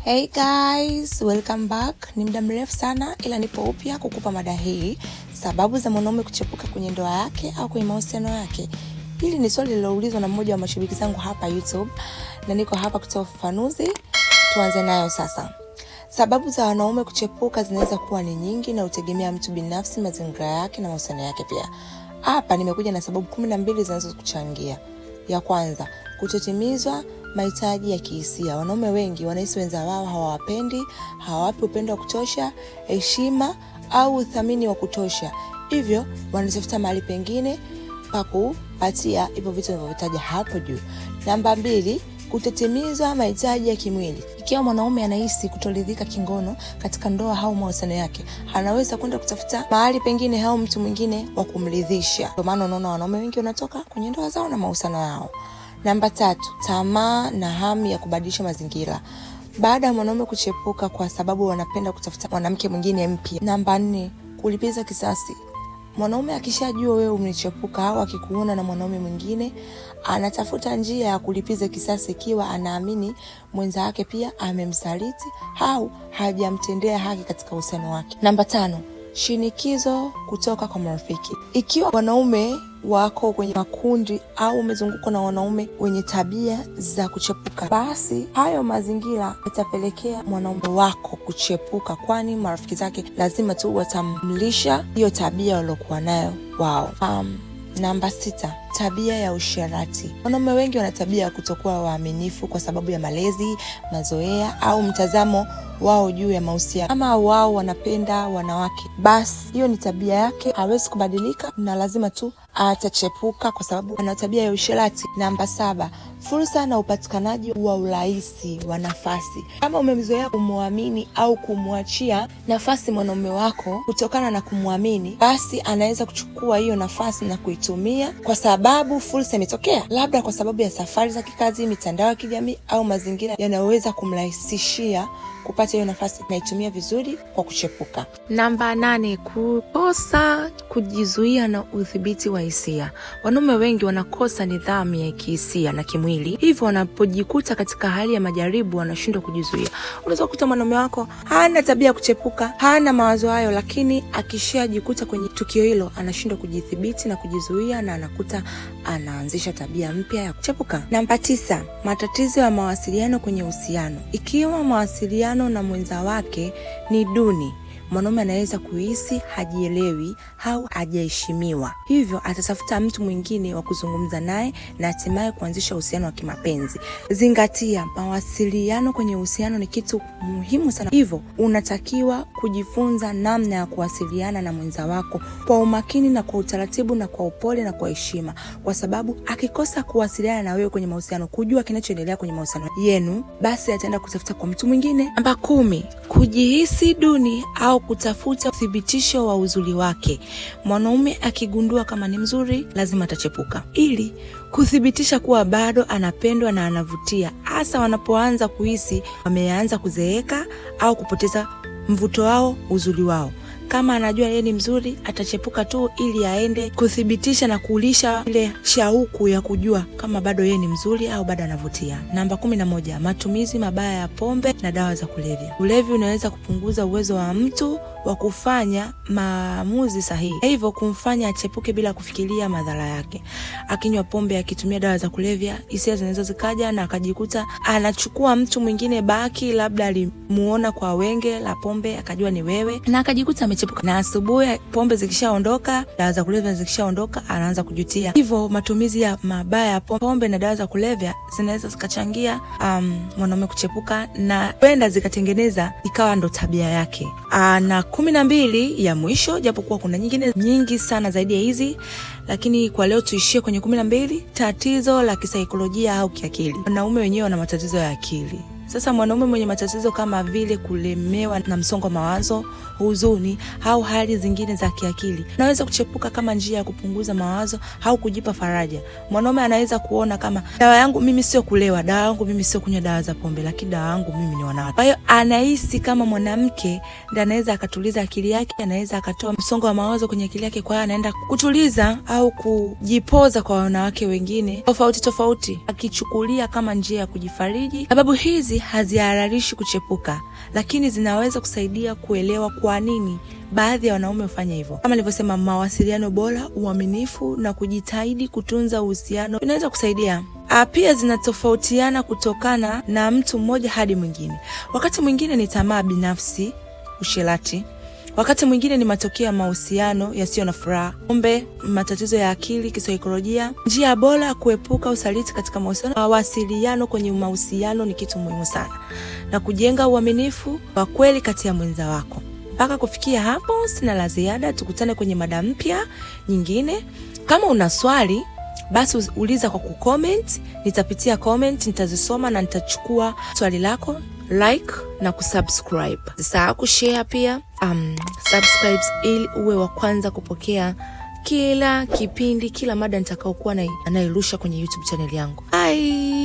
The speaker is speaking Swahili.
Hey guys, welcome back. Ni muda mrefu sana ila nipo upya kukupa mada hii, sababu za mwanaume kuchepuka kwenye ndoa yake au kwenye mahusiano yake. Hili ni swali lililoulizwa na mmoja wa mashabiki zangu hapa YouTube na niko hapa kutoa ufafanuzi. Tuanze nayo sasa. Sababu za wanaume kuchepuka zinaweza kuwa ni nyingi na utegemea mtu binafsi, mazingira yake na mahusiano yake pia. Hapa nimekuja na sababu kumi na mbili zinazokuchangia. Ya kwanza, kutotimizwa mahitaji ya kihisia. Wanaume wengi wanahisi wenza wao hawawapendi, hawawapi upendo wa kutosha, heshima au uthamini wa kutosha, hivyo wanatafuta mahali pengine pa kupatia hivyo vitu navyotaja hapo juu. Namba mbili, kutotimiza mahitaji ya kimwili. Ikiwa mwanaume anahisi kutoridhika kingono katika ndoa au mahusiano yake, anaweza kwenda kutafuta mahali pengine au mtu mwingine wa kumridhisha. Ndio maana unaona wanaume wengi wanatoka kwenye ndoa zao na mahusiano yao. Namba tatu, tamaa na hamu ya kubadilisha mazingira baada ya mwanaume kuchepuka kwa sababu wanapenda kutafuta mwanamke mwingine mpya. Namba nne, kulipiza kisasi. Mwanaume akishajua wewe umechepuka au akikuona na mwanaume mwingine, anatafuta njia ya kulipiza kisasi, ikiwa anaamini mwenza wake pia amemsaliti au hajamtendea haki katika uhusiano wake. Namba tano shinikizo kutoka kwa marafiki. Ikiwa wanaume wako kwenye makundi au umezungukwa na wanaume wenye tabia za kuchepuka, basi hayo mazingira yatapelekea mwanaume wako kuchepuka, kwani marafiki zake lazima tu watamlisha hiyo tabia waliokuwa nayo wao. Um, Namba sita, tabia ya usherati. Wanaume wengi wana tabia ya kutokuwa waaminifu kwa sababu ya malezi, mazoea au mtazamo wao juu ya mahusiano. Ama wao wanapenda wanawake, basi hiyo ni tabia yake, hawezi kubadilika na lazima tu atachepuka kwa sababu ana tabia ya usherati. Namba saba, fursa na upatikanaji wa urahisi wa nafasi. Kama umemzoea kumwamini au kumwachia nafasi mwanaume wako kutokana na kumwamini, basi anaweza kuchukua hiyo nafasi na kuitumia kwa sababu fursa imetokea, labda kwa sababu ya safari za kikazi, mitandao ya kijamii au mazingira yanayoweza kumrahisishia kupata hiyo nafasi, naitumia vizuri kwa kuchepuka. Namba nane, kukosa kujizuia na udhibiti wa hisia. Wanaume wengi wanakosa nidhamu ya kihisia na kimwili mwili, hivyo wanapojikuta katika hali ya majaribu wanashindwa kujizuia. Unaweza kukuta mwanaume wako hana tabia ya kuchepuka, hana mawazo hayo, lakini akishajikuta kwenye tukio hilo anashindwa kujidhibiti na kujizuia, na anakuta anaanzisha tabia mpya ya kuchepuka. Namba tisa, matatizo ya mawasiliano kwenye uhusiano. Ikiwa mawasiliano na mwenza wake ni duni mwanaume anaweza kuhisi hajielewi au hajaheshimiwa, hivyo atatafuta mtu mwingine wa kuzungumza naye na hatimaye kuanzisha uhusiano wa kimapenzi. Zingatia, mawasiliano kwenye uhusiano ni kitu muhimu sana, hivyo unatakiwa kujifunza namna ya kuwasiliana na mwenza wako kwa umakini na kwa utaratibu na kwa upole na kwa heshima, kwa sababu akikosa kuwasiliana na wewe kwenye mahusiano, kujua kinachoendelea kwenye mahusiano yenu, basi ataenda kutafuta kwa mtu mwingine. Namba kumi. Kujihisi duni au kutafuta uthibitisho wa uzuri wake. Mwanaume akigundua kama ni mzuri, lazima atachepuka ili kuthibitisha kuwa bado anapendwa na anavutia, hasa wanapoanza kuhisi wameanza kuzeeka au kupoteza mvuto wao, uzuri wao. Kama anajua yeye ni mzuri, atachepuka tu ili aende kuthibitisha na kulisha ile shauku ya kujua kama bado yeye ni mzuri au bado anavutia. Namba kumi na moja, matumizi mabaya ya pombe na dawa za kulevya. Ulevi unaweza kupunguza uwezo wa mtu wa kufanya maamuzi sahihi, hivyo kumfanya achepuke bila kufikiria madhara yake. Akinywa pombe, akitumia dawa za kulevya, hisia zinaweza zikaja na akajikuta anachukua mtu mwingine baki, labda alimuona kwa wenge la pombe akajua ni wewe, na akajikuta amechepuka. Na asubuhi pombe zikishaondoka, dawa za kulevya zikishaondoka, anaanza kujutia. Hivyo matumizi ya mabaya ya pombe na dawa za kulevya zinaweza zikachangia um, mwanaume kuchepuka na kwenda zikatengeneza ikawa ndo tabia yake. Ah, na kumi na mbili ya mwisho, japokuwa kuna nyingine nyingi sana zaidi ya hizi, lakini kwa leo tuishie kwenye kumi na mbili. Tatizo la kisaikolojia au kiakili. Wanaume wenyewe wana matatizo ya akili. Sasa mwanaume mwenye matatizo kama vile kulemewa na msongo wa mawazo, huzuni au hali zingine za kiakili anaweza kuchepuka kama njia ya kupunguza mawazo au kujipa faraja. Mwanaume anaweza kuona kama dawa yangu mimi sio kulewa, dawa yangu mimi sio kunywa dawa za pombe, lakini dawa yangu mimi ni wanawake. Kwa hiyo anahisi kama mwanamke ndiye anaweza akatuliza akili yake, anaweza akatoa msongo wa mawazo kwenye akili yake, kwa hiyo anaenda kutuliza au kujipoza kwa wanawake wengine tofauti tofauti, akichukulia kama njia ya kujifariji. Sababu hizi hazihararishi kuchepuka, lakini zinaweza kusaidia kuelewa kwa nini baadhi ya wanaume hufanya hivyo. Kama nilivyosema, mawasiliano bora, uaminifu na kujitahidi kutunza uhusiano inaweza kusaidia. Ah, pia zinatofautiana kutokana na mtu mmoja hadi mwingine. Wakati mwingine ni tamaa binafsi, usherati Wakati mwingine ni matokeo ya mahusiano yasiyo na furaha, kumbe matatizo ya akili kisaikolojia. Njia bora ya kuepuka usaliti katika mahusiano, mawasiliano kwenye mahusiano ni kitu muhimu sana, na kujenga uaminifu wa kweli kati ya mwenza wako. Mpaka kufikia hapo, sina la ziada. Tukutane kwenye mada mpya nyingine. Kama una swali basi uliza kwa kucomment, nitapitia comment, nitazisoma na nitachukua swali lako like na kusubscribe. Usisahau kushare pia, um, subscribe ili uwe wa kwanza kupokea kila kipindi, kila mada nitakaokuwa anairusha kwenye YouTube channel yangu. Bye.